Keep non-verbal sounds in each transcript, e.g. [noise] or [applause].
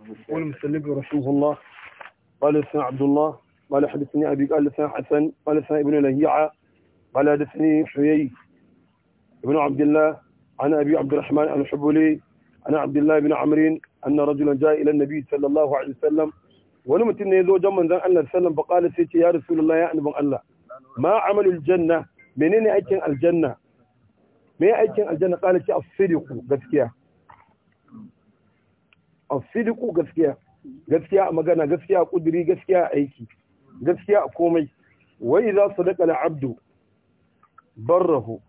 يقول المسلم رحمه الله قال لسان عبد الله قال حدثني أبي قال لسان حسن قال لسان ابن لهيعة قال حدثني حيي ابن عبد الله عن أبي عبد الرحمن الحبولي عن عبد الله بن عمرين أن رجلا جاء إلى النبي صلى الله عليه وسلم ولمتن يزو جمن ذن الله سلم فقال سيتي يا رسول الله يا أنبغ الله ما عمل الجنة منين أيكن الجنة ما أيكن الجنة قال الصدق قد كيا a filiku gaskiya gaskiya a magana gaskiya a kuduri gaskiya a aiki gaskiya a komai wai za su daƙa abdu barrahu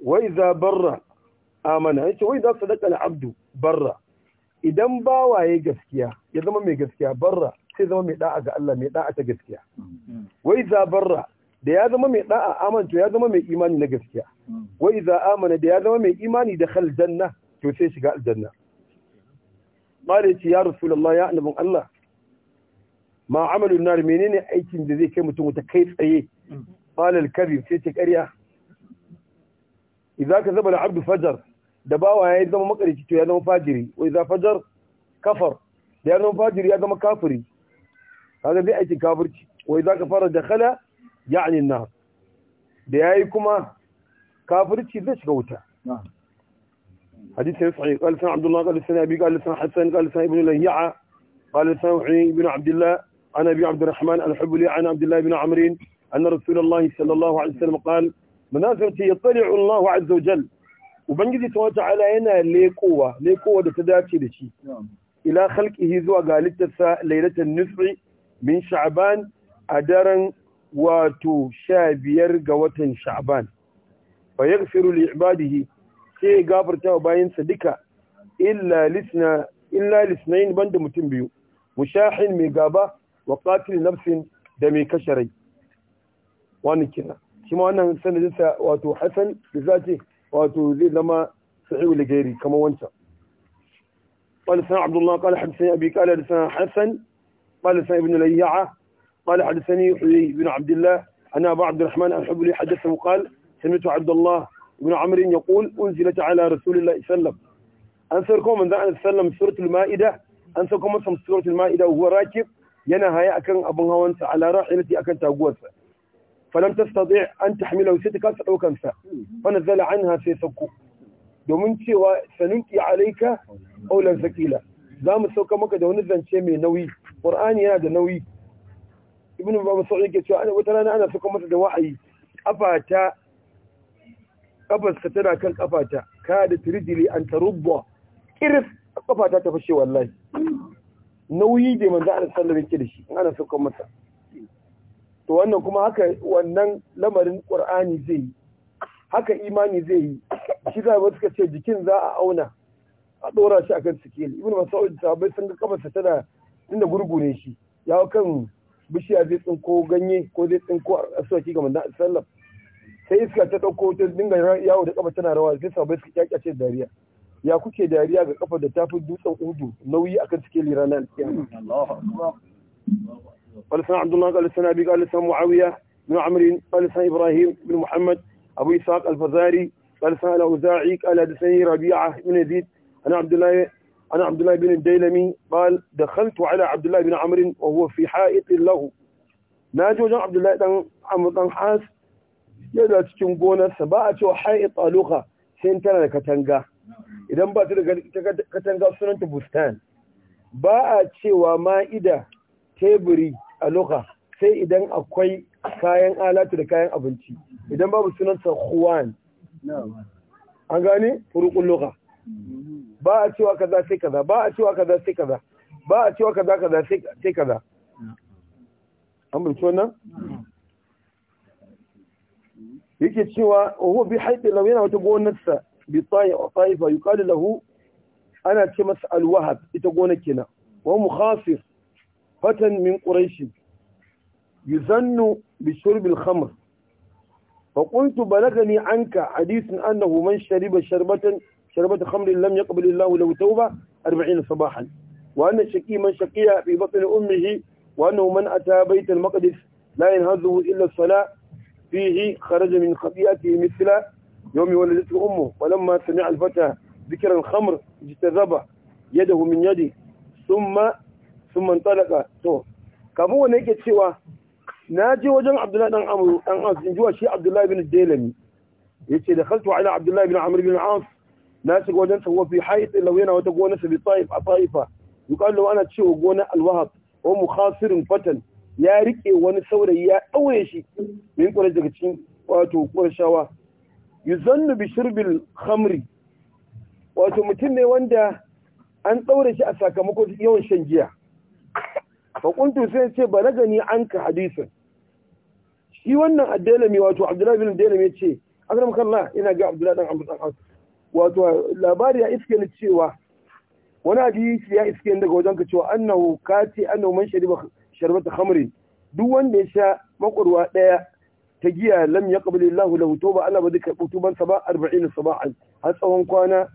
wai za barra amana yake wai za su daƙa abdu barra idan waye gaskiya ya zama mai gaskiya barra sai zama mai da'a ga Allah mai da'a ta gaskiya wai za barra da ya zama mai da'a amanta ya zama mai imani na gaskiya wai za amana da ya zama mai imani da khaljanna janna to sai shiga aljanna qala ce ya rasulullah ya annabin Allah ma amalun nar menene aikin da zai kai mutum wuta kai tsaye falal kabi sai ce ƙarya idza ka al-abdu fajar da bawa yayi zama makarici to ya zama fajiri wa idza fajar kafar da ya zama fajiri ya zama kafiri kaga zai aikin kafirci wa idza fara dakhala ya'ni an-nar da yayi kuma kafirci zai shiga wuta na'am حديث صحيح قال لسان عبد الله قال لسان أبي قال لسان حسن قال لسان ابن لهيعة قال لسان حين بن عبد الله عن أبي عبد الرحمن الحب لي عن عبد الله بن عمرين أن رسول الله صلى الله عليه وسلم قال منازلتي يطلع الله عز وجل ubangiji ta wata ala yana lekowa lekowa da ta dace da shi ila khalqihi zuwa ga littarsa lailatan nisfi min sha'ban a daren wato sha biyar ga watan sha'ban fa yaghfiru li ibadihi sai ya gafarta wa bayansa duka illa lisnayin banda mutum biyu mushahin mai gaba wa qatil nafsin da mai kashe rai wannan kina shi ma wannan sanadin wato hasan da zace wato zai zama sahihul gairi kamar wancan قال سنا عبد الله قال حدثني أبي قال حدثنا حسن قال سنا ابن ليعة قال حدثني بن عبد الله أنا أبو عبد الرحمن أحب حدثه قال سمعت عبد الله ibn amr yaqul unzilat ala rasulillahi sallam an sarko manzon Allah sallam suratul maida an sarko masa suratul maida huwa rakib yana haya akan abun hawansa ala rahilati akan taguwarsa falam tastati an tahmilahu sai ta kasa daukan sa fa nazala anha sai sakku domin cewa sanunki alaika aulan sakila za mu sauka maka da wani zance mai nauyi qur'ani yana da nauyi ibnu babu sauƙi ke cewa ana wata rana ana suka masa da wa'ayi kafa ta kafarsa tana kan kafata ka da tirjili an tarubba kirif kafata ta fashe wallahi nauyi da manzo Allah sallallahu alaihi da shi ana saukan masa to wannan kuma haka wannan lamarin qur'ani zai haka imani zai yi shi za ba suka ce jikin za a auna a dora shi akan sikeli ibnu mas'ud sabai sun ga kafarsa tana tunda gurgune shi ya kan bishiya zai tsinko ganye ko zai tsinko a ga manzo sallallahu sai iska ta ɗauko ta dinga yawo da kafa tana rawa sai sa bai suka kyakkyace dariya ya kuke dariya ga kafa da tafi dutsen udu nauyi akan suke lira na alkiyama Allahu akbar Abdullah qala sana bi qala sana Muawiya bin Amr qala sana Ibrahim bin Muhammad Abu Ishaq al-Fazari qala sana al-Uza'i qala sana Rabi'a bin Yazid ana Abdullah أنا عبد الله بن الديلمي قال دخلت على عبد الله بن عمرو وهو في حائط له ناجو جان عبد الله بن عمرو بن حاس yana cikin gonarsa ba a cewa hai tsaluka sai tana da katanga idan ba ta da katanga sunanta bustan ba a cewa ma'ida teburi a loka sai idan akwai kayan alatu da kayan abinci idan babu sunanta huwan an gane furukun loka ba a cewa kaza sai kaza ba a cewa kaza sai kaza ba a cewa kaza kaza sai kaza an bulci nan yake cewa huwa bi haiti lau yana wata gonarsa bi taifa yuqalu lahu ana ce masa alwahab ita gonar kenan wa mukhasir fatan min quraish yuzannu bi shurb al-khamr fa qultu balagani anka hadithun annahu man shariba sharbatan sharbatan khamrin lam yaqbal Allah lahu tawba 40 sabahan wa anna shaqi man shaqiya fi batn ummihi wa annahu man ata bayt al-maqdis la yanhazuhu illa as-salah فيه خرج من خطيئته مثل يوم ولدته أمه ولما سمع الفتى ذكر الخمر اجتذبه يده من يده ثم ثم انطلق cewa na je wajen abdullahi dan yace da khaltu ala abdullahi bin amr na shiga wajen tawwa fi wata gona sa bi a taifa yuqal lahu ana fatan ya rike wani saurayi ya ɗaure shi mai ƙwarar daga cikin wato ƙwarshawa zannu bi shirbil khamri wato mutum ne wanda an ɗaure shi a sakamakon yawan shan giya faƙuntu sai ce ba na gani an ka hadisun shi wannan addalami wato abdullahi bin addalami ce azram kalla ina ga abdullahi dan abu wato labari ya iske ni cewa wani hadisi ya iske ni daga wajen ka cewa annahu kati annahu man shari'a sharbata khamrin duk wanda ya sha makwarwa daya ta giya lam yaqbalu Allahu lahu tuba Allah ba zai karbi tuban sa ba 40 saba'an har tsawon kwana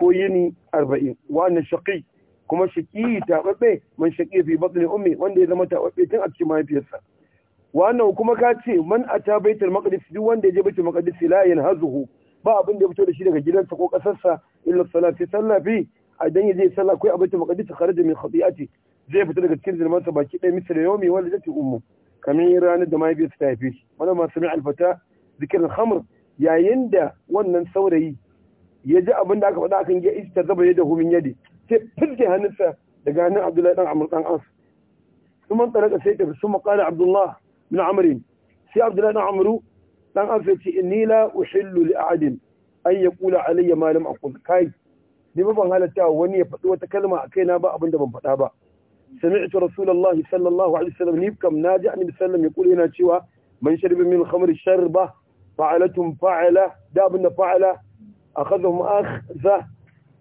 ko yini 40 wa annan shaqi kuma shaqi tababbe man shaqi fi batni ummi wanda ya zama ta tababbe tun a cikin mahaifiyarsa wannan kuma ka ce man ata baitul maqdis duk wanda ya je baitul maqdis la yanhazuhu ba abin da ya fito da shi daga gidansa ko kasarsa illa salati sallafi idan ya je sallah kai abin da maqdis kharaja min khati'ati zai fita daga cikin zulmansa baki ɗaya misal yawmi wanda zai ummu kamar ranar da mahaifiyarsa ta haife shi wannan ma sami alfata zikirin hamr yayin da wannan saurayi ya ji abin da aka faɗa akan ya ista zaba ya dahu min yadi sai fiske hannunsa daga hannun abdullahi dan amr dan as kuma tsaraka sai ta sun qala Abdullahi min amrin sai abdullahi dan amru ɗan as ya ce in la uhillu li ahadin an kula alayya Malam lam aqul kai ni ba ban halatta wani ya faɗi wata kalma a kaina ba abin da ban faɗa ba sami'tu rasulullahi sallallahu alaihi wasallam ni kam naji annabi sallallahu ya kula yana cewa man shariba min khamri sharba fa'alatun fa'ala da abin da fa'ala akhadhum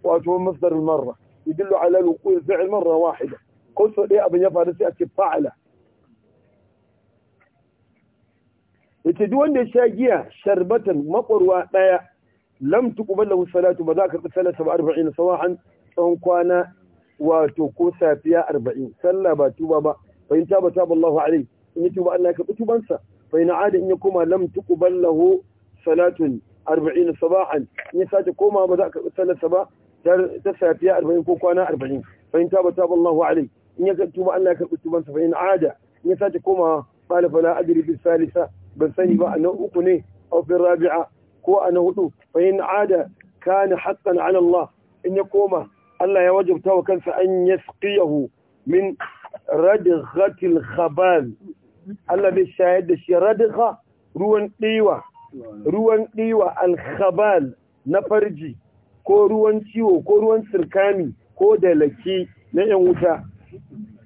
wato masdar marra yadullu ala wuqu' fi'l marra wahida ko so dai abin ya faru sai a ce fa'ala yace duk wanda ya sha giya sharbatan makwarwa daya lam tuqbal lahu salatu ba za ka karɓi ba tsawon kwana wato ko safiya arba'in sallah ba tuba ba fa in taba taba Allahu alaihi in ya tuba Allah ya karɓi tubansa fa in ada in ya koma lam tuqbal lahu salatun arba'in sabahan in ya sace koma ba za a karɓi sallarsa ba ta safiya arba'in ko kwana arba'in fa in taba taba Allahu alaihi in ya tuba Allah ya karɓi tubansa fa in ada in ya sace koma qala fala adri bis salisa ban sani ba a na uku ne a fi rabi'a ko a na hudu fa in ada kana haqqan ala Allah in ya koma Allah ya wajabta wa kansa an yasqiyahu min radghatil khabal Allah bai shayar da shi radgha ruwan diwa ruwan diwa al khabal na farji ko ruwan ciwo ko ruwan sirkami ko da na yan wuta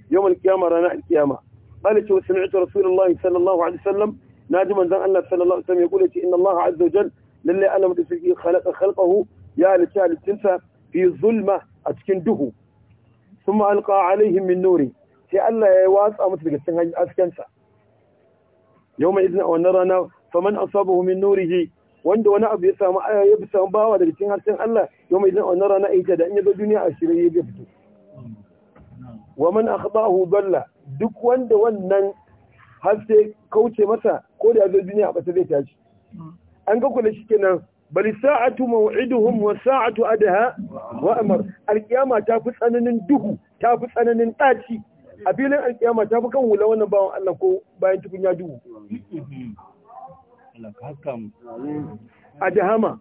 yawmal kiyama rana al kiyama قال شو سمعت رسول الله صلى الله عليه وسلم ناجما ذا الله صلى الله عليه وسلم يقول إن الله عز وجل للي ألم خلق خلقه يا لتالي تنسى fi ظلمه a cikin duhu sun ma'alƙa alaihim min nuri sai Allah ya watsa musu daga cikin askensa yau mai izina a wannan rana faman asabahu min nurihi wanda wani abu ya samu ya fi samu bawa daga cikin harshen Allah yau mai izina a wannan rana ita da in yazo duniya a shirye ya fito wa man akhdahu dalla duk wanda wannan har sai kauce masa ko da ya zo duniya a bata zai tashi an ga kula shi kenan bari sa'atu maw'iduhum wa sa'atu adha wa amr alqiyama ta fi tsananin duhu ta fi tsananin daci a filin alkiyama ta fi kan wula wannan bawon Allah ko bayan tukunya duhu a jahama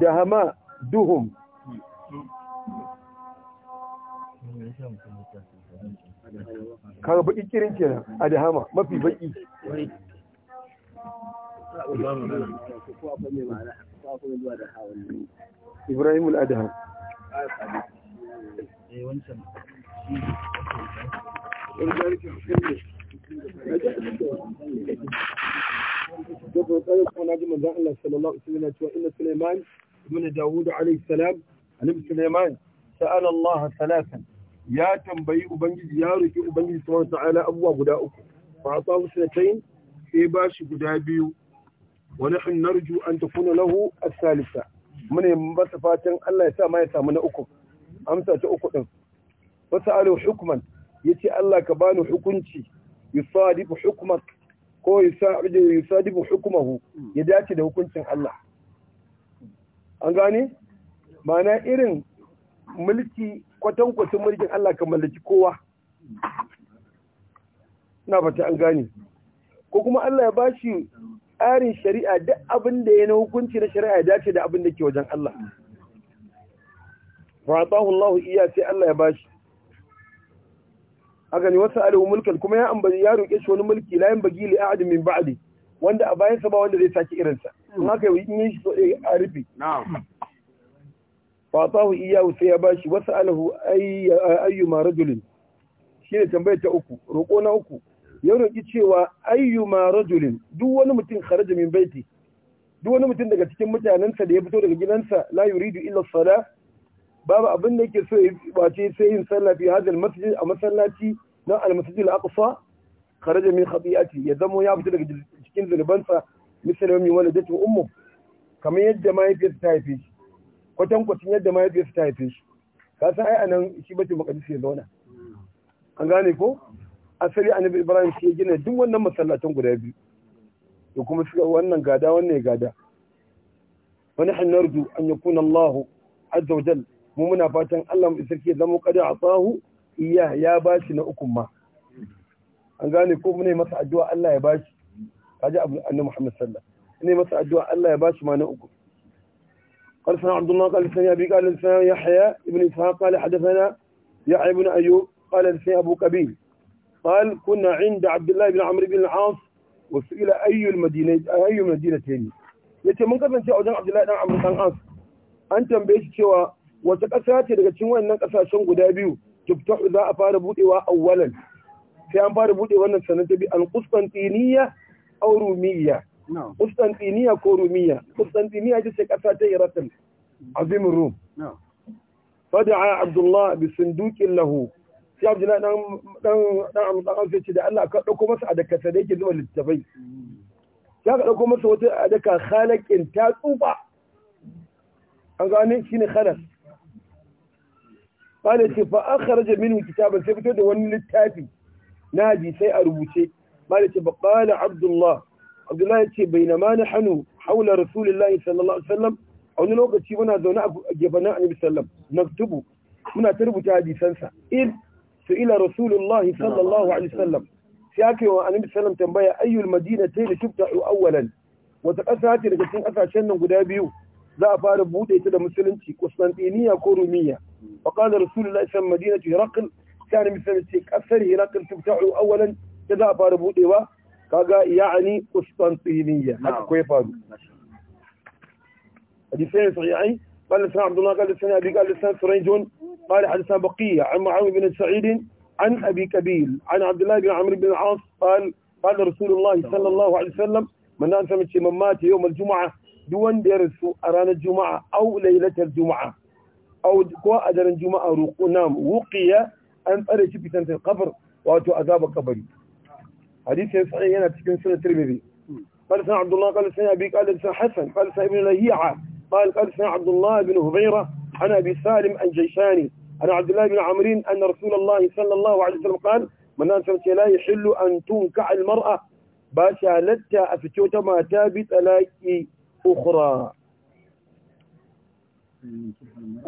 dahama duhum baki kirin kenan a mafi baki إبراهيم الأدهم قبل طيب ونجم الله صلى الله عليه وسلم سليمان من داود عليه السلام النبي سليمان سأل الله ثلاثا يا تنبي أبنجي يا رجي أبنجي سبحانه وتعالى أبوه قداؤك فأعطاه سنتين في باش ونحن نرجو أن تكون له الثالثة من مصفات الله يسامى يسامى نأكم أمسى تأكم فسألوا حكما يتي الله كبان حكمتي يصادف حكمك ko yusadibu hukumahu ya dace da hukuncin Allah an gane mana irin mulki kwatankwacin mulkin Allah ka mallaki kowa na fata an gane ko kuma Allah ya bashi tsarin shari'a duk abin da ya na hukunci na shari'a ya dace da abin da ke wajen Allah fa'atahu Allah iya sai Allah ya bashi A ne wasu alahu mulkan kuma ya ambaci ya roƙe shi wani mulki layin bagi bagili ahad min ba'adi wanda a bayansa ba wanda zai sake irinsa. sa in yi yi shi so a rufe na'am iya sai ya bashi wasu alahu ayyuma rajulin ne tambayar ta uku roƙo na uku ya roƙi cewa ayyuma rajulin duk wani mutum kharaja min baiti duk wani mutum daga cikin mutanansa da ya fito daga gidansa la yuridu illa sala babu abin da yake so ya bace sai yin sallah fi hadal masjid a masallaci na al masjid al aqsa kharaja min khati'ati ya zamo ya fito daga cikin zulubansa misali yawmi waladatu ummu kamar yadda mahaifiyarsa ta haife shi kwatan kwatin yadda mahaifiyarsa ta haife shi ka san ai anan shi bace makadisi ya zauna an gane ko asali annabi ibrahim shi ya gina duk wannan masallatan guda biyu da kuma suka wannan gada wannan ya gada wani hannardu an ya kuna allah azza wa jal mu muna fatan allah mai sarki ya zama kada a tsahu iya ya ba shi na ukun ma an gane ko mu ne masa addu'a allah ya ba shi kaji abu annabi muhammad sallallahu ne masa addu'a allah ya ba shi ma na ukun قال سنة عبد الله قال سنة أبي قال سنة يحيى ابن إسحاق قال حدثنا يحيى بن أيوب قال سنة أبو كبير قال كنا عند عبد الله بن عمرو بن العاص وسئل أي المدينة أي المدينتين yace mun kasance a wajen Abdullahi dan Amr dan As an tambaye shi cewa wata ƙasa ce daga cikin wannan ƙasashen guda biyu tuftahu za a fara budewa awwalan sai an fara bude wannan sanan ta bi al-Qustantiniya aw Rumiyya Qustantiniya ko Rumiyya Qustantiniya ce ƙasa ta Iraq azim Rum fada'a Abdullah bi sunduqin lahu sai abdullahi dan dan dan dan amsa ce da Allah ka dauko masa adaka da yake zuwa littafai ya ka dauko masa wata adaka khalakin ta tsufa an gane shine khalas bane ce fa akhraja minhu kitaban sai fito da wani littafi na sai a rubuce bane ce baqala abdullah Abdullahi yace bainama nahnu haula rasulillahi sallallahu alaihi wasallam a wani lokaci muna zaune a gefen annabi sallam naktubu muna ta rubuta hadisansa in سئل رسول الله صلى نعم. الله عليه وسلم شاكي وأنبي سلم تنبايا أي المدينة تيلي تبتح أولا وتأثاتي لكتين أثا شنن قدابيو ذا أفارب بوتا يتدى مسلنتي قسطنطينية كورومية فقال رسول الله اسم مدينة هرقل كان مسلنتي أثر هرقل تبتح أولا كذا أفارب بوتا كذا يعني قسطنطينية نعم. حتى كيف هذا هذه سنة صحيحين قال لسنة عبد الله قال لسنة أبي قال لسنة سرينجون قال حدثنا بقية عن معاوية بن سعيد عن أبي كبيل عن عبد الله بن عمرو بن العاص قال قال رسول الله صلى الله عليه وسلم من سمت من مات يوم الجمعة دون درس أران الجمعة أو ليلة الجمعة أو كوا أدر الجمعة نام وقيا أن أرش سنة القبر وأتو أذاب قبري حديث صحيح هنا في سنة الترمذي قال سيدنا عبد الله قال سيدنا أبي قال سيدنا حسن قال سيدنا ابن لهيعة قال قال سيدنا عبد الله بن هبيرة عن أبي سالم الجيشاني عن عبد الله بن عمرين أن رسول الله صلى الله عليه وسلم قال من أنسرت لا يحل أن تنكع المرأة باشا لتا أفتوت ما تابت ألاكي أخرى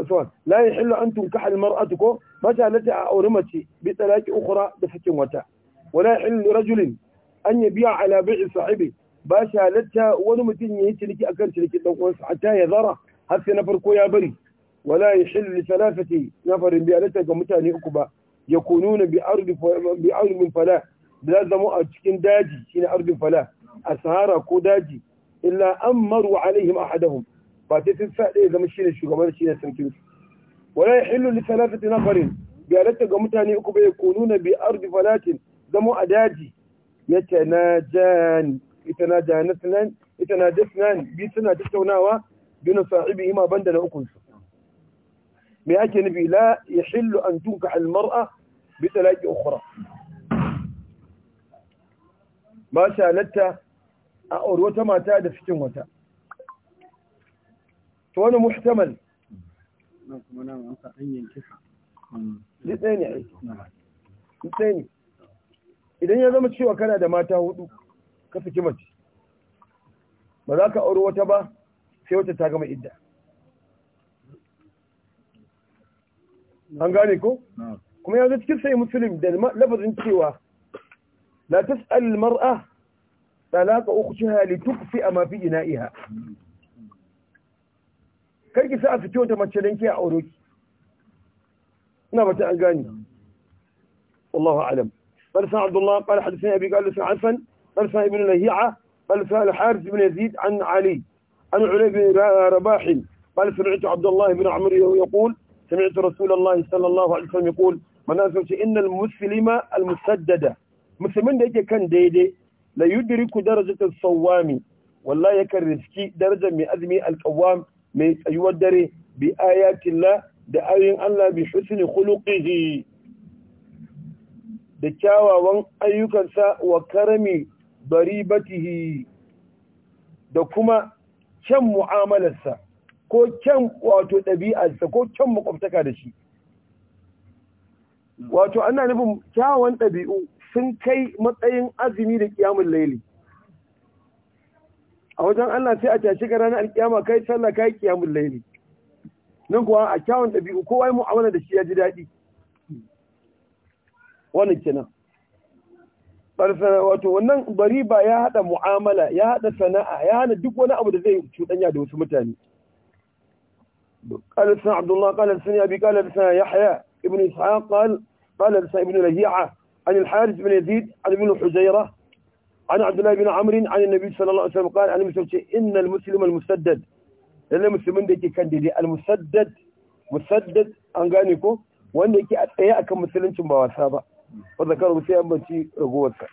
أسوان لا يحل أن تنكح المرأة باشا لتا أورمتي بتلاكي أخرى بفتن وتا ولا يحل رجل أن يبيع على بيع صاحبه باشا لتا ونمتن يهتلك أكرتلك حتى يذره هل سنفركو يا بري wala yahillu li thalathati nafarin bi alata ga mutane uku ba ya bi bi fala da zama a cikin daji shine fala a sahara ko daji illa amaru alaihim ahadahum ba sai sun sa ɗaya zama shugaban wala ga mutane uku ba bi zama a daji yatanajan itanajanatsnan itanajasnan bi suna tattaunawa duna sa'ibihima banda na ukunsu me ake nufi la yahillu an tunka almar'a bi talaqi ukhra ba shi halatta a aure wata mata da cikin wata to wani muhtamal idan ya zama cewa kana da mata hudu ka saki mace ba za ka aure wata ba sai wata ta gama idda هنغاني كو نعم. كما يوجد كيف سي مسلم دل ما لفظ انتي واخ لا تسأل المرأة طلاق أختها لتكفئ ما في جنائها كي كي سأل فتوة ما تشلنكي أعوروك نبت نعم، أنقاني والله أعلم قال سعد عبد الله قال حدثني أبي قال لسان عفن قال سعد ابن لهيعة قال سعد الحارث بن يزيد عن علي عن علي بن رباح قال سمعت عبد الله بن عمرو يقول سمعت رسول الله صلى الله عليه وسلم يقول من أزوج إن المسلم المسددة مسلمين ده كان ديدي لا يدرك درجة الصوام والله يكن رزقي درجة من أزمي القوام من يودري بآيات الله دعاين الله بحسن خلقه da kyawawan ayyukansa wa karami baribatihi da kuma kyan mu'amalarsa ko kyan wato ɗabi'arsa ko kyan makwabtaka da shi wato ana nufin kyawun ɗabi'u sun kai matsayin azumi da kiyamun laili a wajen Allah sai a tashi ga ranar alkiyama kai sallah kai kiyamun laili nan kuwa a kyawun ɗabi'u kowa ya mu'amala da shi ya ji daɗi kina kenan wato wannan bari ba ya haɗa mu'amala ya haɗa sana'a ya hana duk wani abu da zai cuɗanya da wasu mutane قال ابن عبد الله قال ابن أبي قال ابن يحيى ابن إسحاق قال قال ابن ابن رجيعة عن الحارث بن يزيد عن ابن حزيرة عن عبد الله بن عمرو عن النبي صلى الله عليه وسلم قال عن المسلم إن المسلم المسدد لأن المسلمين ديكي كان المسدد مسدد أنغانيكو وأن ديكي أتياء كمسلين كم بواسابة وذكروا بسيء أمبتي رغوتك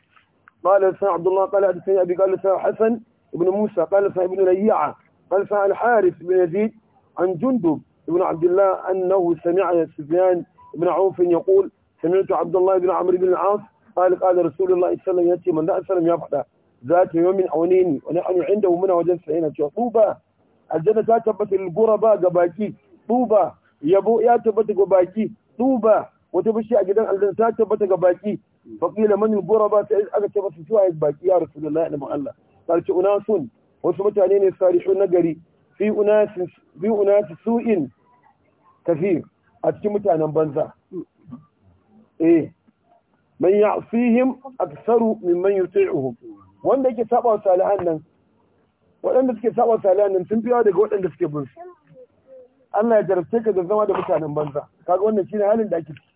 قال ابن عبد الله قال ابن أبي قال ابن حسن ابن موسى قال ابن ريعة قال ابن الحارث بن يزيد عن جندب بن عبد الله أنه سمع سفيان بن عوف يقول سمعت عبد الله بن عمرو بن العاص قال قال رسول الله صلى الله عليه وسلم من لا أسلم يفعل ذات يوم عونين ونحن عنده منها وجد سعينة طوبى الجنة تثبت الغرباء قباكي طوبى يبو يا تبت قباكي طوبى وتبشي أجدان الجنة تثبت قباكي فقيل من الغرباء أجد تبت سواء باكي يا رسول الله أنا الله قال أناس wasu mutane ne sarihun nagari fi su su'in kafir a cikin mutanen banza eh man ya'sihim aktsaru mimman yuti'uhum wanda yake saba salihan nan waɗanda suke saba salihan nan sun fiya daga waɗanda suke bin su Allah ya jarabce ka zama da mutanen banza kaga wannan shine halin da ake ciki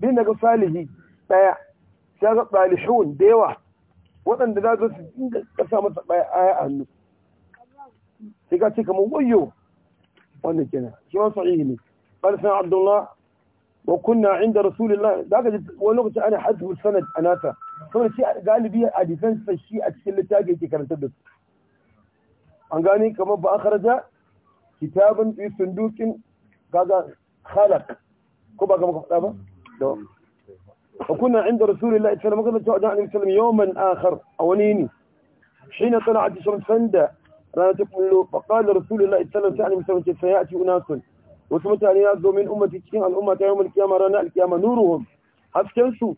din daga salihi daya sai ga salihun da yawa waɗanda za su dinga kasa masa baya a hannu تقاتيك مويو ونجنا شو صعيني قال سنة عبد الله وكنا عند رسول الله ذاك ولغت أنا حذف السند أنا تا قال لي بيا أديفنس فشي أتكلم تاجي تكرن تدرس أنقاني كم بآخر جاء كتابا في صندوق كذا خالق كم بقى مكتبة دوم وكنا عند رسول الله صلى الله عليه وسلم يوما اخر اوليني حين طلعت شمس فندق rana ta kullo faƙalar rasulullahi sallallahu alaihi wasallam ce sayati unasun wasu mutane na zo min ummati cikin al'umma ta yawmul kiyama rana alkiyama nuruhum hasken su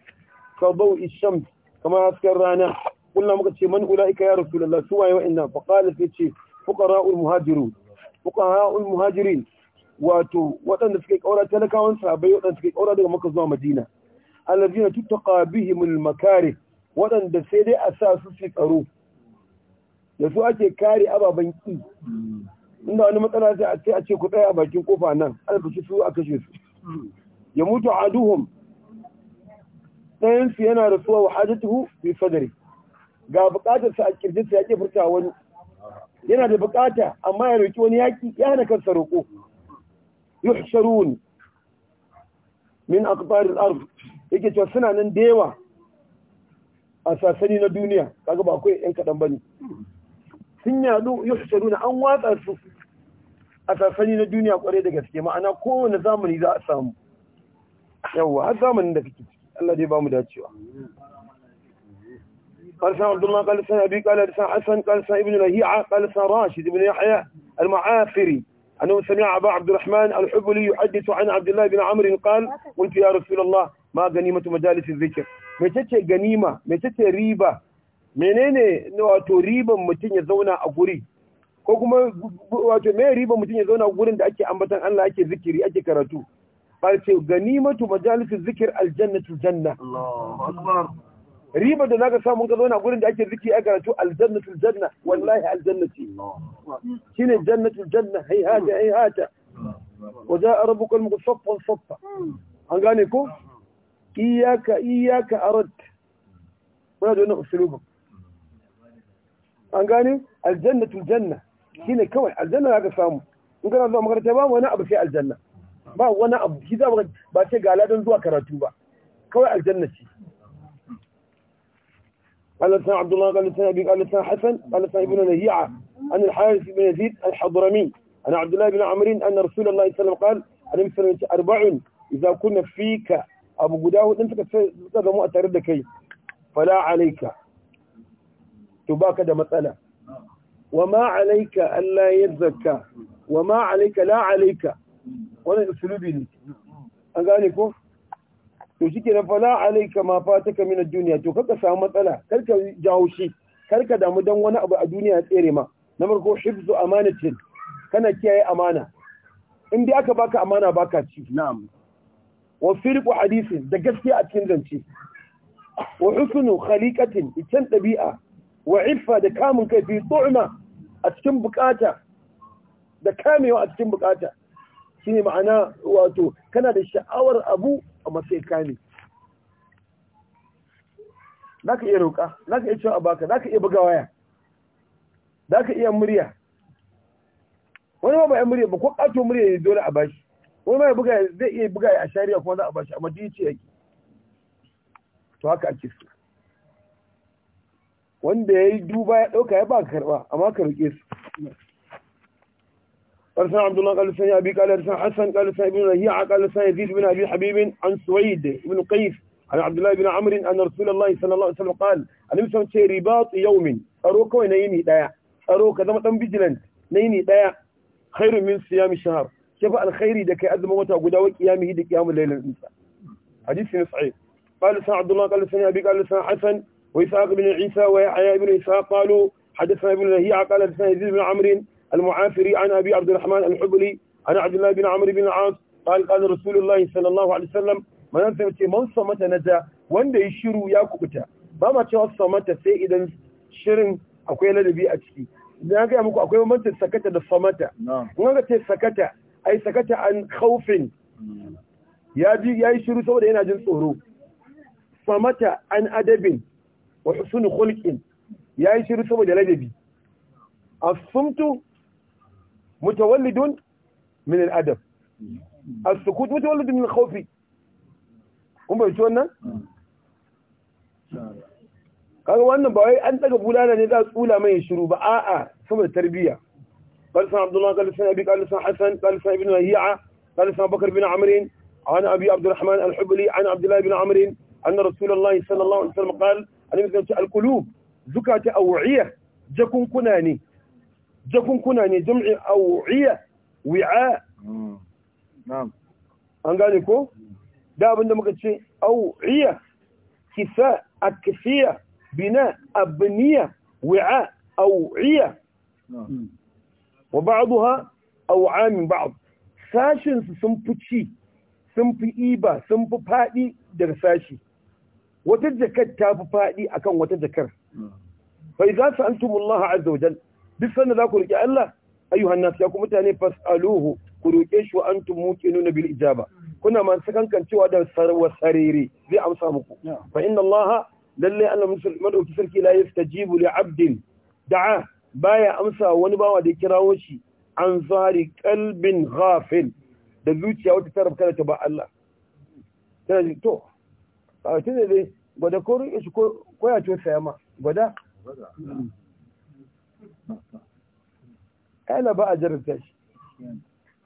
ka bau isham kamar hasken rana kullum muka ce man ulaika ya rasulullah su waye wa'annan faƙala sai ce fuqara'ul muhajirun fuqara'ul muhajirin wato waɗanda suke kaura talakawan sahabbai waɗanda suke kaura daga makka zuwa madina allazina tuttaqa bihimul makarih waɗanda sai dai a sa su su tsaro da su ake kare ababen ki inda wani matsala sai a ce a ce ku tsaya bakin kofa nan an su a kashe su ya mutu aduhum ɗayan yana da suwa hajatuhu fi sadari ga bukatar sa a kirjin sa yake furta wani yana da bukata amma ya roki wani yaki ya hana kansa roko yuhsharun min aqtar al-ard yake cewa suna nan da yawa a sasani na duniya kaga ba akwai yan kadan bane sun yaɗu yuhsaruna an watsa su a sassani na duniya kwarai da gaske ma'ana kowane zamani za a samu yawwa har zamanin da Allah dai ba mu dacewa قال سان عبد الله قال سان أبي قال سان حسن قال سان ابن لهيعة قال سان راشد ابن يحيى المعافري أنه سمع أبا عبد الرحمن الحبلي يحدث عن عبد الله بن عمر قال قلت يا رسول الله ما غنيمة مجالس الذكر تتشي غنيمة تتشي ريبة menene wato riban mutum ya zauna a guri ko kuma wato me riban mutum ya zauna a gurin da ake ambatan Allah ake zikiri ake karatu ba ce ganimatu majalisu zikir aljannatu janna riba da zaka samu ka zauna gurin da ake zikiri ake karatu aljannatu janna wallahi aljannati shine jannatu janna hayhata hata wa jaa rabbuka al-muqsaffan saffa an gane ko iyaka iyaka arad muna da wannan usulubin an gane tun janna shine kawai aljanna za ka samu in kana zuwa makaranta ba wani abu sai aljanna ba wani abu shi za ba sai ga ladan zuwa karatu ba kawai aljanna ce قال لسان عبد الله قال لسان أبي قال hasan حسن قال لسان ابن نهيعة عن الحارث بن يزيد الحضرمي عن عبد الله بن عمرين أن رسول الله صلى الله عليه وسلم قال أربع إذا كنا فيك أبو قداه أنت فلا عليك to baka da matsala ma alayka Allah ya wa ma alayka la alayka wannan usulubi ne an gane ko to shi kenan fa la alayka ma fataka min ad-dunya to kaka samu matsala karka jawo shi karka damu dan wani abu a duniya tsere ma na farko hifzu amanatin kana kiyaye amana in dai aka baka amana baka ci na'am wa firqu hadisin da gaskiya a cikin zance wa husnu khaliqatin itan dabi'a wa iffa da kamun kai fi tsohima a cikin bukata da kamewa a cikin bukata shine ma'ana wato kana da sha'awar abu a matsayin kame ka iya roƙa ka iya cewa baka ka iya buga waya ka iya murya wani ma ba ya murya ba ko ƙato murya ya dole a bashi wani ma ya buga zai iya buga ya a shari'a kuma za a bashi amma dici yake to haka ake so wanda ya yi duba ya ɗauka ya ba ka karɓa amma ka roƙe su قال عبد الله قال سنة أبي قال سنة حسن قال سنة ابن رهيعة قال سنة يزيد بن أبي حبيب عن سويد بن قيس عن عبد الله بن عمرو أن رسول الله صلى الله عليه وسلم قال أنا مسلم شيء رباط يوم أروك وينيني دايا أروك هذا مطعم بجلنت نيني دايا خير من صيام الشهر شفاء الخير دك أذم وتا قداوة قيامه دك يوم الليل الإنسان حديث صحيح قال سنة عبد الله قال سنة أبي قال سنة حسن وإسحاق بن عيسى ويحيى بن عيسى قالوا حدثنا ابن لهيع قال حدثنا يزيد بن عمرو المعافري عن أبي عبد الرحمن الحبلي عن عبد الله بن عمرو بن العاص قال قال رسول الله صلى الله عليه وسلم manan sai ce man samata naja wanda ya shiru ya kubuta ba ma cewa samata sai idan shirin akwai ladabi a ciki na gaya muku akwai bambancin sakata da samata kun ga sakata ai sakata an khaufin ya ji yayi shiru saboda yana jin tsoro samata an adabin وحسن خلق يا يشير سوى جلجبي الصمت متولد من الأدب السكوت متولد من الخوف هم بيشونا قال وانا بوي إيه، انت قبولانا نداء اولى ما يشروا بقاء آه، ثم آه، التربية قال سنة عبد الله قال سنة أبي قال سنة حسن قال سنة ابن هيعه قال سنة بكر بن عمرين عن أبي عبد الرحمن الحبلي عن عبد الله بن عمرين أن رسول الله صلى الله عليه وسلم قال annabi sai ce alqulub zukati aw'iya jakunkuna ne jakunkuna ne jam'i aw'iya wi'a hmm. na'am an gane ko da abinda muka ce aw'iya kisa akfiya bina abniya wi'a aw'iya hmm. wa ba'daha aw'a min ba'd sashin su sun fi ci sun fi iba sun fi fadi daga sashi wata jakar ta fi faɗi akan wata jakar fa idza sa'altumullah azza wa jal duk sanda za ku roki Allah ayyuhan nas ya ku mutane fasaluhu ku roke shi wa antum nuna bil ijaba kuna ma sakankan cewa da sarwa sarere zai amsa muku fa inna Allah lalle Allah madauki sarki la yastajibu li abdin da'a baya amsa wani bawa da ya kirawo shi an zari kalbin ghafil da zuciya wata tarafka da ta ba Allah tana to a tun da dai gwada ko riƙe shi ko ya ce saya ma gwada ana ba a jarabta shi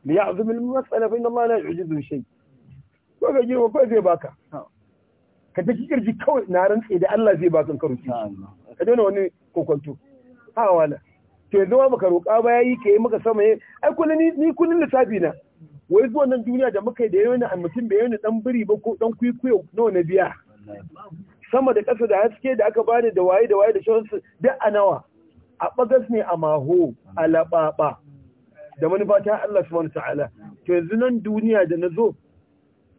li ya azumi matsala fa inna Allah la yu'jizu shay ko ga girma ko zai baka ka ta kirji kawai na rantse da Allah zai baka karo ka dona wani kokonto ha wala to yanzu maka baka roƙa ba yayi ke maka sama ya ai kullun ni kullun lissafi na wai zuwa nan duniya da muka yi da yawan mutum da yawan dan biri ba ko dan kwikwiyo nawa na biya sama da ƙasa da haske da aka bani da waye da waye da shawarsu duk a nawa a bagas ne a maho a laɓaɓa da manufa ta Allah wani ta'ala to yanzu nan duniya da na zo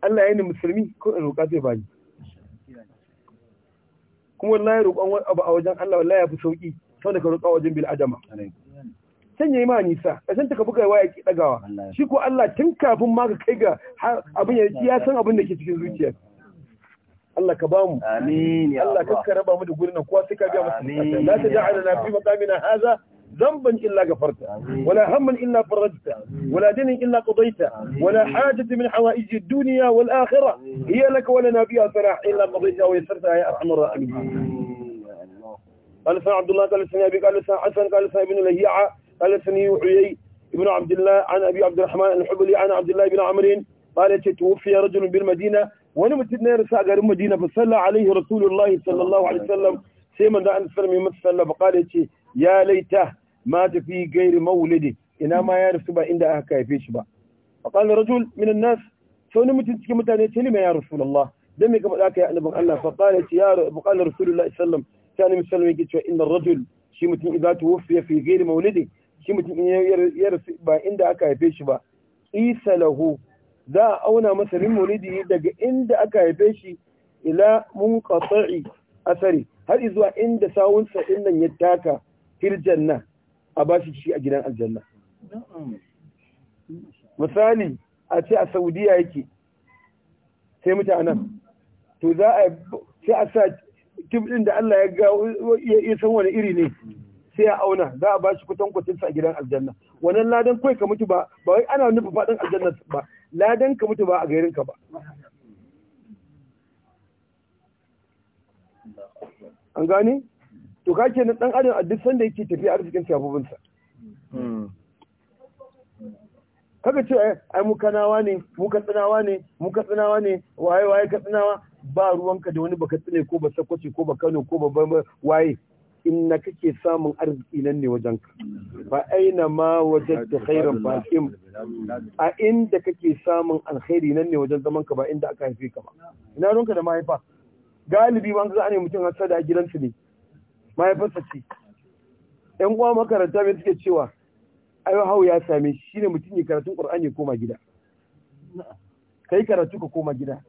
Allah ya ni musulmi ko in roƙa zai bani kuma wallahi roƙon abu a wajen Allah wallahi ya fi sauƙi sau da ka roƙa wajen bil adama can yayi ma nisa kasan ta ka buga waya ki dagawa shi ko Allah tun kafin ma ka kai ga abin ya ya san abin da ke cikin zuciya Allah ka bamu amin ya Allah ka raba mu da gurin nan sai ka ga masa la taj'alna fi maqamina hadha ذنبا إلا غفرته ولا هما إلا فرجته ولا دين إلا قضيته ولا حاجة من حوائج الدنيا والآخرة هي لك ولنا بها فلاح إلا قضيتها ويسرتها يا أرحم الراحمين قال سنة عبد الله قال سنة أبي قال سنة حسن قال سنة ابن لهيعة حدثني وعيي ابن عبد الله عن أبي عبد الرحمن الحبلي عن عبد الله بن عمرو قال توفي رجل بالمدينة وانا متدنا رساقة المدينة فصلى عليه رسول الله صلى الله عليه وسلم سيما دعا السلام يمتصلى فقال يا ليته مات في غير مولدي إنا ما يعرف سبا إن ده كيفيش با فقال رجل من الناس سوني متنسك متاني تلي يا رسول الله دمي قبل أكا يا نبغ الله فقال يا رسول الله صلى الله عليه وسلم كان مسلم يقول إن الرجل شيء إذا توفي في غير مولده shi mutum in ya rasu ba inda aka haife shi ba isa lahu za a auna masa min maulidi daga inda aka haife shi ila munqati asari har zuwa inda sawun sa nan ya taka fil janna a bashi shi a gidan aljanna misali a ce a saudiya yake sai mutanen to za a sai a sa tibdin da Allah ya ga ya san wani iri ne sai ya auna za a ba shi kwatankwacin sa a gidan aljanna wannan ladan kai ka mutu ba ba wai ana nufin faɗin aljanna ba ladan ka mutu ba a garin ka ba an gane to ka ke dan adam a duk sanda yake tafiya arzikin cikin yafofin sa hmm. kaga ce ai mu kanawa ne mu katsinawa ne mu katsinawa ne waye waye katsinawa ba ruwanka da wani baka tsine ko ba sakwace ko ba kano ko ba waye inna kake samun arziki nan ne wajen fa aina ma wajadta khairan fa im a inda kake samun alkhairi nan ne wajen zaman ka ba inda aka haife ka ba ina ronka da mahaifa galibi ban za a ne mutum hasa da gidansu ne mahaifarsa ce yan uwa makaranta mai suke cewa ayo hau ya same shi shine mutum ya karatun qur'ani ya koma gida kai karatu ka koma gida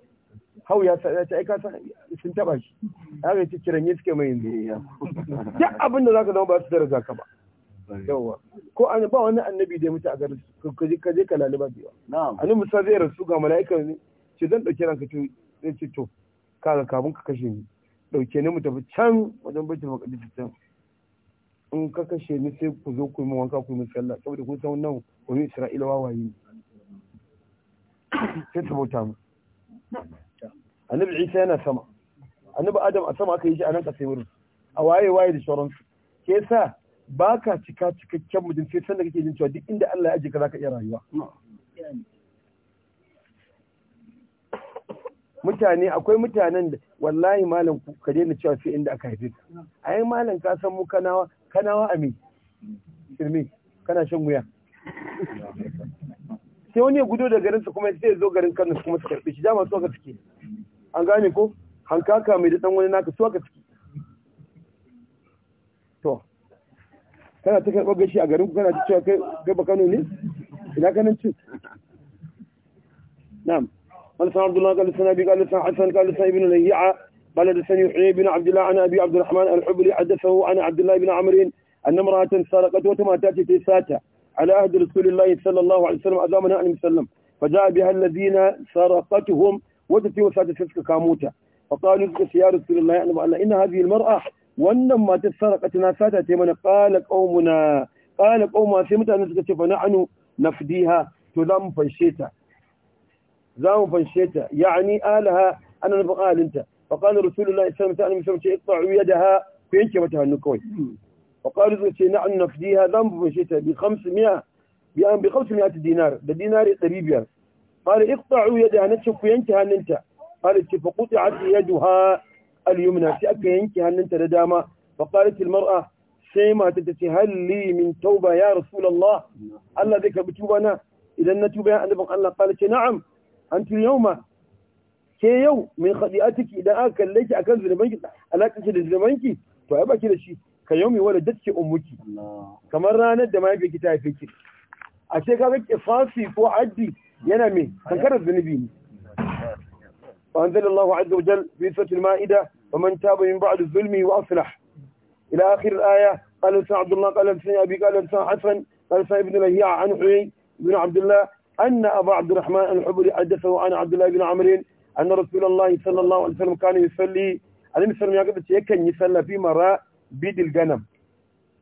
hau ya sa ta aika sun taba shi haka ce kiran yi suke mai yanzu eh, duk abin da zaka zama ba su daraja ka ba yawa ko an ba wani annabi da ya mutu a garin ka je ka je ka laliba biya annabi musa zai rasu ga mala'ika ne ce zan dauke ranka ce zai ce to kaga kafin ka kashe ni dauke ni mu tafi can wajen bai tafi kadi can in ka kashe ni sai ku zo ku yi wanka ku yi sallah saboda kun san nan wani Isra'ila wawaye ne sai ta bauta mu annabi isa yana sama annabi adam a sama aka yi shi a nan kasai wurin a waye waye da sauransu ke sa ba ka cika cikakken mutum sai sanda kake jin cewa duk inda Allah ya ajiye ka za ka iya rayuwa mutane akwai mutanen da wallahi malam ka daina cewa sai inda aka haife ka ai malam ka san mu kanawa kanawa a shirme kana shan wuya sai wani ya gudo da garinsa kuma sai ya zo garin kanu kuma su karɓi shi dama su ka suke an gane ko hankaka mai da dan wani naka su aka ciki to kana ta karɓar gashi a garin ku kana ta cewa kai gaba kano ne ina kanan cin na'am قال سعد الله قال سنا بي قال سنا حسن قال سنا ابن لهيعة قال سنا يحيى بن عبد الله عن أبي عبد الرحمن الحبلي حدثه عن عبد الله بن عمرو أن امرأة سرقت وتماتت تيساتها على عهد رسول الله صلى الله عليه وسلم أزامنا أن وسلم فجاء بها الذين سرقتهم وتتي وسادة فسك كاموتا فقالوا يزكس يا رسول الله يعلم أن إن هذه المرأة وأنما تسرق أتناساتها تيمنا قال قومنا قال قومنا سيمتها نزكس فنحن نفديها تلم فنشيتا زام فنشيتا يعني آلها أنا نبقى آل أنت فقال رسول الله صلى الله عليه وسلم اقطعوا يدها فينك وتها النكوي فقال رسول الله نحن نفديها زام فنشيتا بخمسمائة بأن بخمسمائة دينار دينار قريبيا يعني. قال اقطعوا يدها نتشك ينكي هننتا قالت فقطعت يدها اليمنى تأكي ينكي هننتا لداما فقالت المرأة سيما تتتي هل لي من توبة يا رسول الله الله ذيك بتوبنا إذا نتوبة يا أنبق الله قالت نعم أنت اليوم ke yau min khadi'atiki idan aka kalle ki akan zulmanki alaƙar ki da zulmanki to ai baki da shi ka yau mai wala dace ummuki kamar ranar da mahaifiyarki ta haife ki a ce ko addi yana mai kankarar zunubi ne wa an zalla Allahu azza wa jal bi sati al-ma'ida wa man taba min ba'd az-zulmi wa aslah ila akhir al-aya qala sa'd Allah qala sa'd abi qala sa'd hasan qala sa'd ibn lahiya an huwa ibn abd Allah abu abd al-rahman al-hubri hadathahu ana abd Allah ibn amr anna rasul Allah sallallahu alaihi wasallam kana yusalli alim sallam ya gaba ce yakan yi sallah fi mara bidil ganam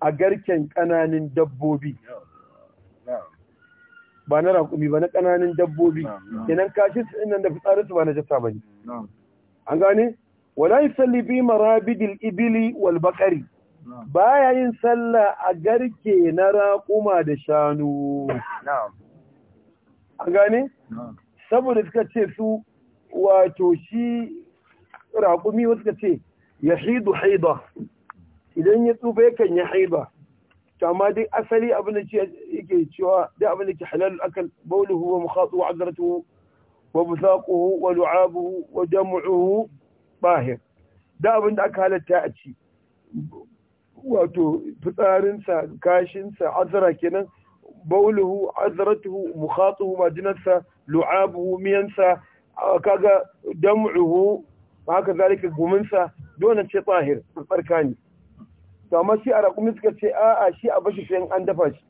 a garken kananin dabbobi ba na raƙumi ba na ƙananan dabbobi kenan kashi su nan da fitsarin su ba na jasa ne. an gane wala yusalli bi marabidil ibili wal Ba baya yin sallah a garke na raƙuma da shanu an gane saboda suka ce su wato shi raƙumi wasu ka ce ya hidu haida idan ya tsufa yakan ya haiba to amma dai asali abin da yake cewa dai abin da ke halal akal bawluhu wa mukhatu wa azratuhu wa busaquhu wa lu'abuhu wa jam'uhu bahir da abin da aka halatta a ci wato kashin sa azra kenan bawluhu azratuhu mukhatuhu majinarsa lu'abuhu miyansa kaga jam'uhu haka zalika sa dole ce tsahir tsarkani to amma shi a raƙumi suka ce a a shi a bashi sai an dafa shi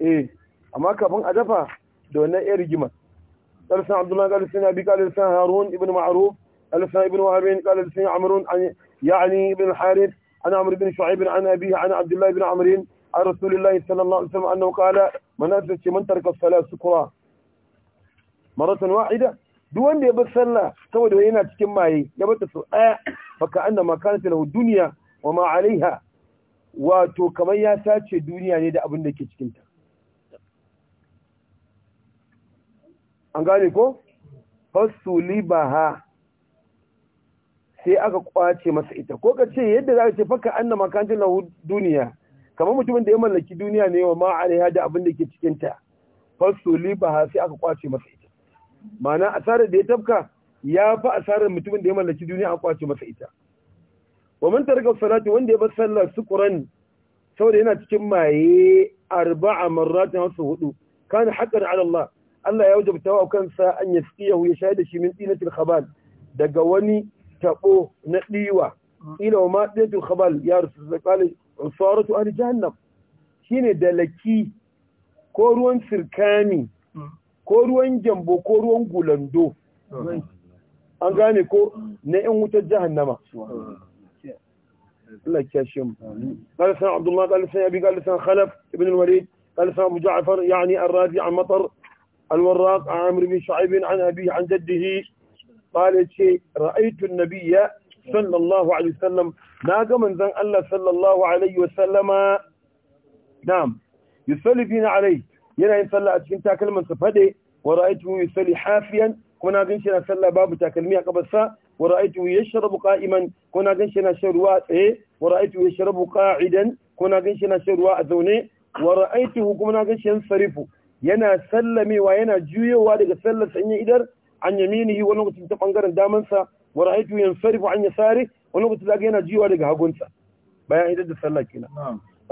eh, amma kafin a dafa da wannan ɗaya rigimar ƙarsan abdullahi ƙarsan ya bi ƙarsan harun ibn ma'aruf ƙarsan ibn wahabin ƙarsan amrun ya ani ibn harith an amur ibn shu'aib an abi an abdullahi ibn amrin an rasulullahi sallallahu alaihi wasallam annahu qala man azza man taraka salat sukra maratan wahida duk wanda ya bar sallah saboda yana cikin maye ya bata su ɗaya baka annama kanta lahu duniya wa ma alaiha wato kamar ya sace duniya ne da abin da ke cikinta an gane ko Fasu baha sai aka kwace masa ita ko ka ce yadda za ka ce faka anna makantin lahu duniya kamar mutumin da ya mallaki duniya ne wa ma'alaiha da abin da ke cikinta Fasu baha sai aka kwace masa ita ma'ana asarar da ya tafka ya fi asarar mutumin da ya mallaki duniya aka kwace masa ita wa man taraka salati wanda ya bar sallar sukuran saboda yana cikin maye arba'a marratin hasu hudu kana haqqan ala Allah Allah ya wajabta wa kansa an yasqiyahu ya shahada shi min dinatil khabal daga wani tabo na diwa ila wa ma dinatil khabal ya rusulullahi usaratu ahli jahannam shine dalaki ko ruwan sirkani ko ruwan jambo ko ruwan gulando an gane ko na yan wutar jahannama الله يكشم قال سنة عبد الله قال سنة أبي قال سنة خلف ابن الوليد قال سنة أبو جعفر يعني الرازي عن مطر الوراق عن عمر بن شعيب عن أبيه عن جده قال شيء رأيت النبي صلى الله عليه وسلم ناقة من ذن الله صلى الله عليه وسلم نعم يصلي فينا عليه ينا يصلى أتكين تاكل من صفده ورأيته يصلي حافيا وناقين شنا صلى باب تاكل قبل ساعة wa ra'aytu yashrabu qa'iman ko na ganshi yana shan ruwa tsaye wa ra'aytu yashrabu qa'idan ko na ganshi na shan ruwa a zaune wa ra'aytu kuma na ganshi yana sarifu yana sallamewa yana juyowa daga sallar sanya idar an yaminihi wani lokacin ta bangaren damansa wa ra'aytu yansarifu an yasari wani lokacin zaka yana juyowa daga hagunsa bayan idar da sallah kenan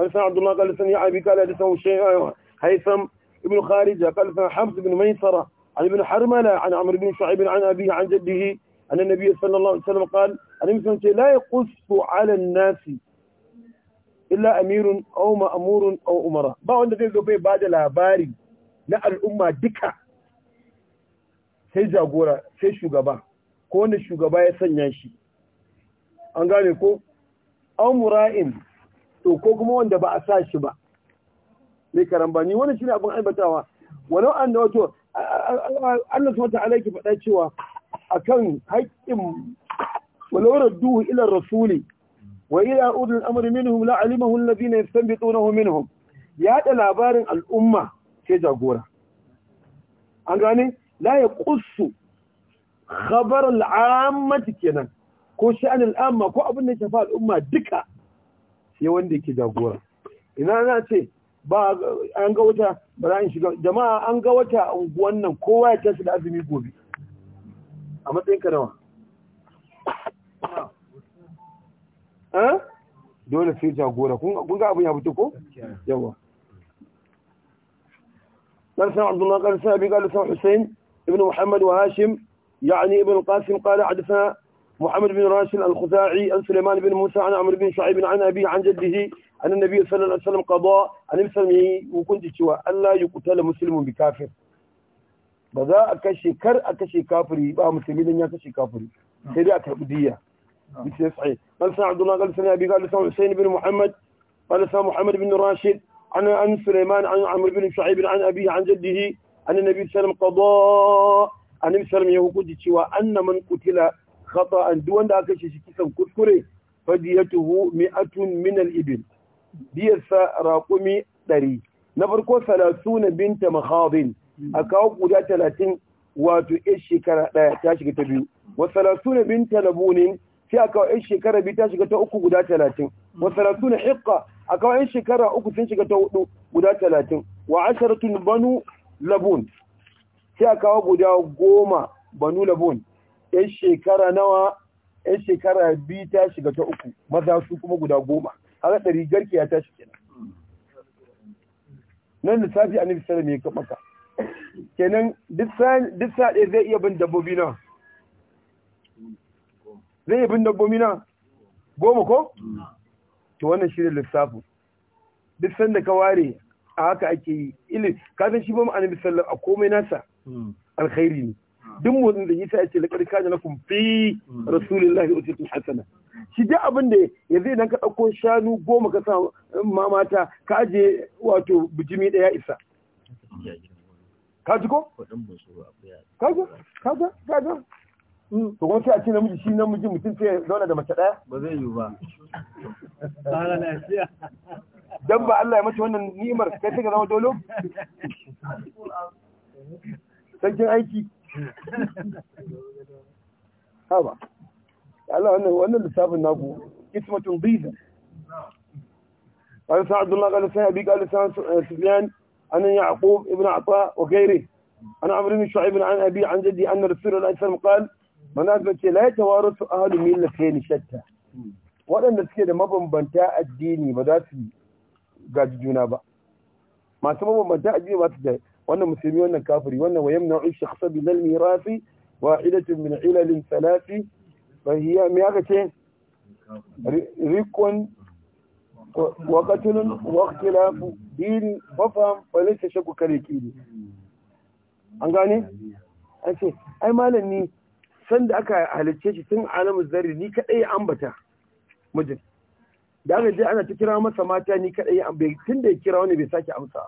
an san Abdullah qala sani abi qala da san shay'a haysam ibn kharija qala san hamz ibn maysara عن ابن حرملة عن عمرو بن شعيب عن أبيه عن جده أن النبي صلى الله عليه وسلم قال النبي لا يقص على الناس إلا أمير أو مأمور أو أمراء با wanda zai zo bai bada labari na al'umma duka sai jagora sai shugaba ko wanda shugaba ya sanya shi an gane ko amura'in to ko kuma wanda ba a sa shi ba mai karambani wannan shine abin albatawa walau wato Allah ta'ala faɗa cewa akan haƙƙin walawar duhu ila rasuli wa ila ulul amri minhum la alimahu alladhina yastanbitunahu minhum ya da labarin al'umma sai jagora an gane la yaqussu khabar al'ammati kenan ko sha'an al'amma ko abin da ya shafa al'umma duka sai wanda yake jagora ina na ce ba an ga wata ba in shiga jama'a an ga wata unguwan nan kowa ya tashi da azumi gobe a matsayin ka nawa eh? dole sai jagora kun ga abin ya fito ko yawa قال سمع عبد الله قال سابي قال سمع حسين ابن محمد وهاشم يعني ابن القاسم قال حدثنا محمد بن راشد الخزاعي عن سليمان بن موسى عن عمرو بن شعيب عن أبي عن جده أن النبي صلى الله عليه وسلم قضى أن مسلمه وكنت شوى ألا يقتل مسلم بكافر ba za a kashe kar a kashe kafiri ba musulmi dan ya kashe kafiri sai dai a karbi diya bisa ya tsaye an san abdullah sani abi gal san husain bin muhammad قال سام محمد بن راشد an عن سليمان عن عمرو بن شعيب عن أبيه عن جده عن النبي صلى الله an وسلم قضاء عن النبي cewa anna man qutila khata'an duk wanda aka ce shi kisan kuskure fadiyatuhu mi'atun min al-ibil diyarsa raqumi 100 na farko 30 binta mahadin a kawo guda talatin wato yan shekara ɗaya ta shiga ta biyu wasalatu na bin talabunin sai a kawo yan shekara biyu ta shiga ta uku guda talatin wasalatu na hikka a kawo yan shekara uku sun shiga ta hudu guda talatin wa asharatun banu labun sai a kawo guda goma banu labun yan shekara nawa yan shekara biyu ta shiga ta uku maza su kuma guda goma ga ɗari garki ya tashi kenan nan lissafi annabi sallallahu alaihi wasallam ya maka kenan duk saɗe zai iya bin dabbobi na zai iya bin dabbobi na goma ko? to wannan shi da lissafi duk sanda ka ware a haka ake yi ilin ka san shi ba ma'ana misallar a komai nasa hmm. alkhairi ne hmm. duk motsin da yasa laƙar ka na lakum fi hmm. rasulillahi uswatun hasana shi duk abin da ya zai nan ka dauko shanu goma ka sa mamata ka aje wato bijimi daya isa kaji ko kaji kaji kaji mm. to kuma sai a ce namiji shi namiji mutum sai zauna da mace daya ba zai yi ba tsara [laughs] lafiya dan ba Allah ya mace wannan ni'imar kai take zama dolo sarkin aiki haba Allah wannan wannan lissafin naku ismatun biza قال سعد الله قال سعد أبي قال سعد عن يعقوب ابن عطاء وغيره عن عمرو بن شعيب عن أبي عن جدي أن رسول الله صلى الله عليه وسلم قال مناسبة لا يتوارث أهل ملتين شتى waɗanda suke da mabambanta addini ba za su gaji juna ba masu mabambanta addini ba su da wannan musulmi wannan kafiri wannan wa yamna u shakhsa bi zal mirasi wahidatun min ilalin salasi fa me ce rikon وقتل واختلاف دين an gane? an ce ai malam ni sanda aka halicce shi tun zari ni ya ambata mijin da ana ta kira masa mata ni kaɗai ya ambata tun da ya kira wani bai sake amsa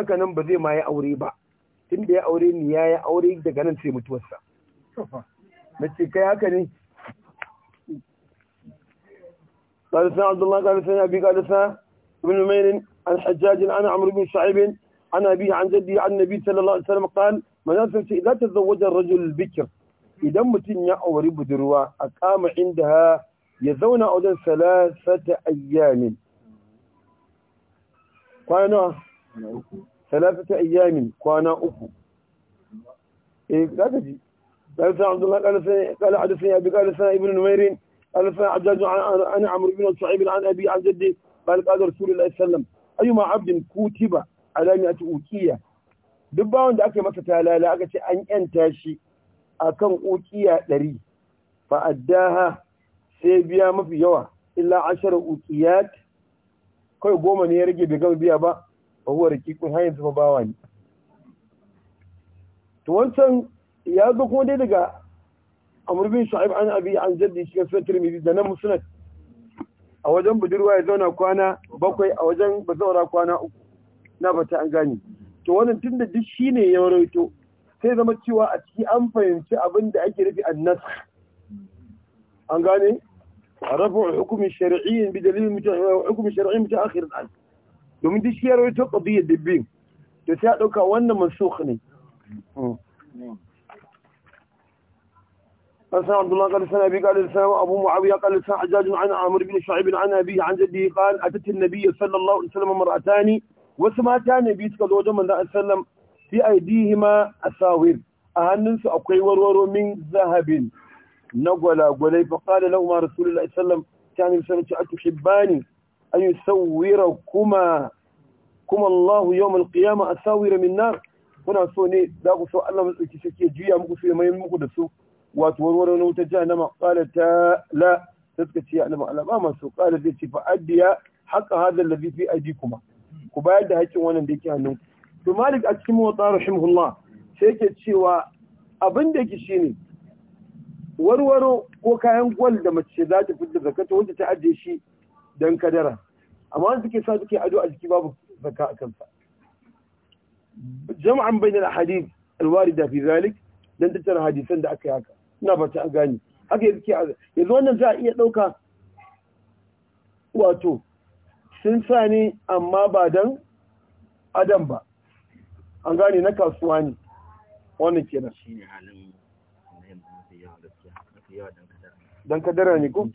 ba nan ba zai ma aure ba tun ni ya yi aure daga nan sai mutuwarsa na kai haka ne قال لسنا عبد الله قال لسنا أبي قال لسنا ابن نمير عن حجاج عن عمرو بن شعيب عن أبيه عن جدي عن النبي صلى الله عليه وسلم قال مناسب إذا تزوج الرجل البكر إذا متن يا أوري دروا أقام عندها يزون أودا ثلاثة أيام قانا ثلاثة أيام قانا أخو إيه لا تجي قال سيدنا عبد الله قال سيدنا قال حدثني أبي قال سيدنا ابن نمير قال فحجاج عن عمرو بن شعيب عن أبي عن جدي قال قال رسول الله صلى الله عليه وسلم أيما عبد كتب على مئة أوكية دبا وند أكي مكة تعالى لا أكي أن ينتاشي أكم أوكية لري فأداها سيبيا ما في يوا إلا عشر أوكيات كوي قوما نيرجي بقام بيا با وهو ركيكم هاي انتفا باواني to wancan ya zo kuma dai daga amr bin shu'aib an abi an jaddi shi sunan tirmidhi da nan musnad a wajen budurwa ya zauna kwana bakwai a wajen bazaura kwana uku na bata an gani to wannan tunda duk shine ya rawaito sai zama cewa a ciki an fahimci abin da ake nufi annas an gane rafu hukumi shari'i bi dalilin hukumi shari'i mutu akhir al domin duk shi ya rawaito qadiyyar dibbin to sai a dauka wannan mansukh ne hmm. Hmm. قال سنة عبد الله قال سنة أبي قال سنة أبو معاوية قال سنة حجاج عن عمرو بن شعيب عن أبيه عن جده قال أتت النبي صلى الله عليه وسلم امرأتان وسمعتان بيتك الوجه من الله وسلم في أيديهما أساور أهننس أقوي ورور من ذهب نقل قولي فقال لهما رسول الله صلى الله عليه وسلم كان سنة أتحباني أن يسوركما كما الله يوم القيامة أساور من نار kuna so ne za ku so Allah matsauki shi ke juya muku su ya mayan muku da su wato warware na wutar jahannama qala ta la suka ce annabi alama masu qala zai ce fa addiya haqa hadha alladhi fi kuma. ku bayar da haƙƙin wannan da yake hannunku to malik a cikin mawata rahimahullah sai yake cewa abin da yake shine warwaro ko kayan gwal da mace za ta fitar zakata wanda ta ajiye shi dan kadara amma wanda suke sa suke ado a jiki babu zaka a kansa jama'an bainal hadith alwarida fi zalik dan tattara hadisan da aka yi haka na ba ta gani haka yake yanzu wannan za a iya ɗauka wato sun sa ne amma ba dan adam ba an gane na kasuwa ne wannan ke da shi ne halin dan kadara ne ko?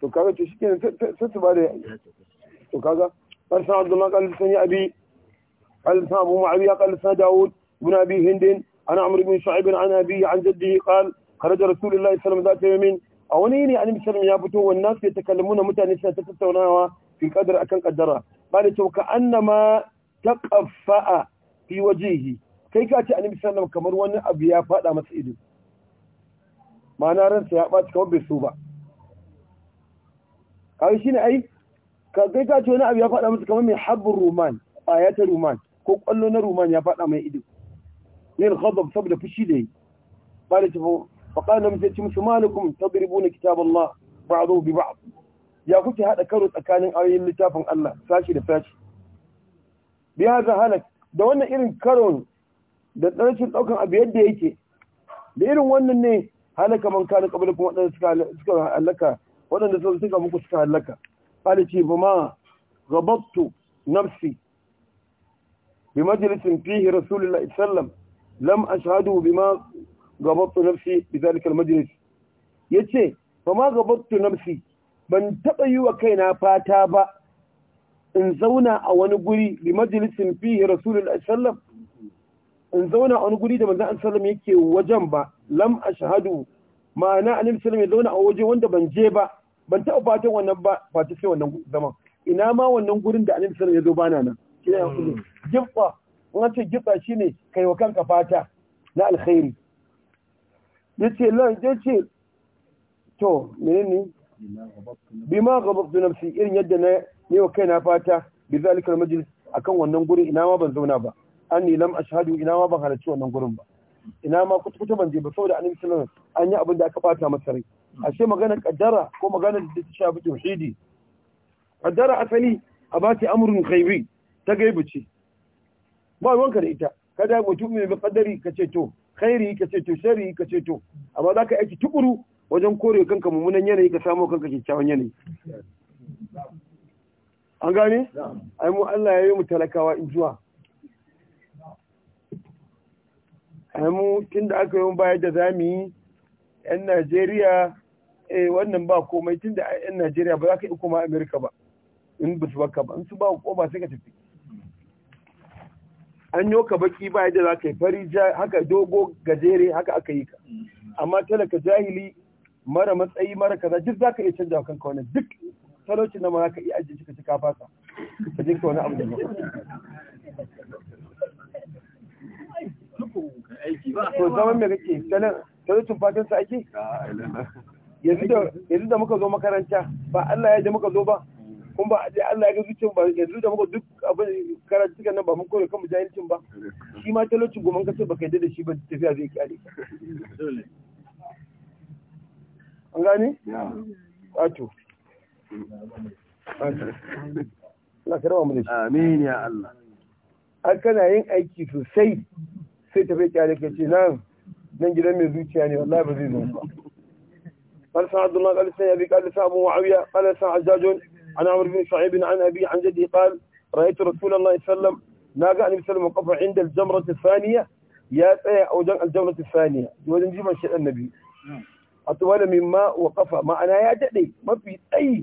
to kaga to shikenan ke sattu ba da to kaga farsan abdullahi kalisani abi kalisani abu ma'abi ya kalisani dawud ibn abi hindin عن عمرو بن شعيب عن أبيه عن جده قال خرج رسول الله صلى الله عليه وسلم ذات يوم a wani yini annabi sallallahu ya fito wannan sai takallamuna mutane suna ta tattaunawa fi qadar akan qaddara ba da to ka annama taqaffa fi wajhihi kai ka ce annabi sallallahu kamar wani abu ya fada masa ido ma'ana ransa ya baci kawai bai so ba kai shine ai ka kai ka ce wani abu ya fada masa kamar mai habbur ruman ayatul ruman ko kwallo na ruman ya fada mai ido min ghadab saboda fushi da yi bare ta fa qala mun ce musu malikum tadribuna kitab Allah ba'dahu bi ba'd ya kuke hada karo tsakanin ayoyin littafin Allah sashi da sashi bi hadha halak da wannan irin karon da rashin daukan abu yadda yake da irin wannan ne halaka man kana kabila kuma wadanda suka suka halaka waɗanda sun suka muku suka halaka qala ce ba ma ghabattu nafsi bi majlisin fihi rasulullahi sallallahu alaihi wasallam lam ashhadu bima gabattu nafsi bi zalika almajlis yace fama ma gabattu nafsi ban taba yi wa kaina fata ba in zauna a wani guri bi majlisin fihi rasulullahi sallallahu in zauna a wani guri da manzon sallallahu yake wajen ba lam ashhadu ma'ana annabi sallam ya zauna a waje wanda ban je ba ban taba fatan wannan ba ba sai wannan zaman ina ma wannan gurin da annabi sallam ya zo bana nan kina ya jibba in ce gitsa shine kai wa kanka fata na alkhairi yace lan ce to menene bima gabaqtu nafsi irin yadda na yi wa na fata bi zalika a kan wannan gurin ina ma ban zauna ba an ni lam shahadu ina ma ban halarci wannan gurin ba ina ma kuta ban je ba saboda an yi an yi abin da aka bata masa rai ashe maganar kaddara ko maganar da ta shafi tauhidi kaddara asali a ba ta amurin ta gaibu ce ba ruwanka da ita kada mutum mai kadari ka ce to khairi ka ce to shari ka ce to amma za ka aiki tukuru wajen kore kanka mummunan yanayi ka samu kanka kyakkyawan yanayi an gane ai mu Allah ya yi mu talakawa in zuwa ai mu tunda aka yi mu bayar da zami yan Najeriya eh wannan ba komai tunda yan Najeriya ba za ka yi kuma Amerika ba in ba su baka ba in su ba ko ba sai ka tafi an yi ka baki ba yadda za ka yi fari haka dogo gajere haka aka yi ka amma talaka jahili mara matsayi mara kaza duk za ka iya canja kanka wani duk talauci na ma ka iya ajiye shi ka ci kafasa ka jinka ka wani abu da ba to zaman me kake talaucin fatan sa ake yanzu da muka zo makaranta ba Allah ya ji muka zo ba kuma ba a je Allah ya ga zuciyar ba yanzu da muka duk abin karatu kan nan ba mun koyo kan jahilcin ba shi ma talauci goman kace baka yadda da shi ba tafiya zai kare an gane wato Allah ka rawa mu da amin ya Allah an kana yin aiki sosai sai tafiya kyale ka ce nan nan gidan mai zuciya ne wallahi ba zai zo ba قال سعد الله قال سعد أبي قال سعد معاوية قال سعد عجاج عن عمر بن شعيب عن أبي عن جدي قال رأيت رسول الله صلى الله عليه وسلم ناقع النبي صلى الله عليه وسلم وقف عند الجمرة الثانية يا أو جن الجمرة الثانية وجن جمع شيء النبي أطول مما وقف معنا يا جدي ما في أي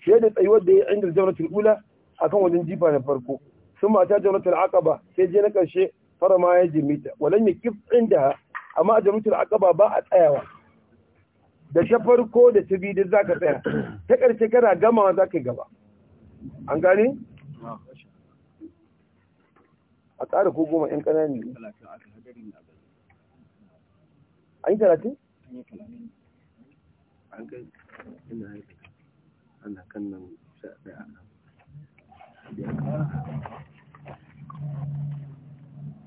شهادة أي ود عند الجمرة الأولى أكون وجن جيبها فرقه ثم أتى جمرة العقبة سيجينك الشيء فرما يجي ميتا ولن يكف عندها أما جمرة العقبة باعت أيوة da ta farko da ta biyu duk za ka tsaya ta ƙarshe kana gama za ka yi gaba an gane? a tsara ko goma ƴan ƙanani an yi talatin? an kai ina ana kan nan sha ɗaya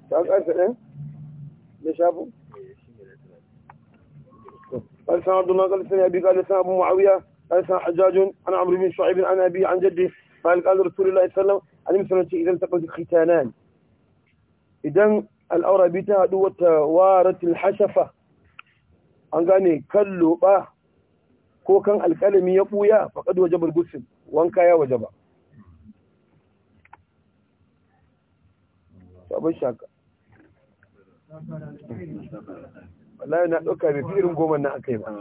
ta ƙarsa shafin? قال سنة عبد الله قال سنة أبي قال سنة أبو معاوية قال سنة حجاج عن عمرو بن شعيب عن أبي عن جده قال قال رسول الله صلى الله عليه وسلم أنا إذا التقوا الختانان إذا الأورا بيتا دوة وارت الحشفة أن gane كلو با كو كان الكلم يقويا فقد وجب waje burgusin wanka ya waje ba. wallahi na ɗauka bai fi irin goma na aka ba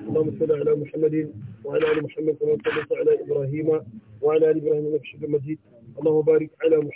اللهم صل على محمد وعلى ال محمد كما صليت على ابراهيم وعلى ال ابراهيم انك حميد مجيد اللهم بارك على محمد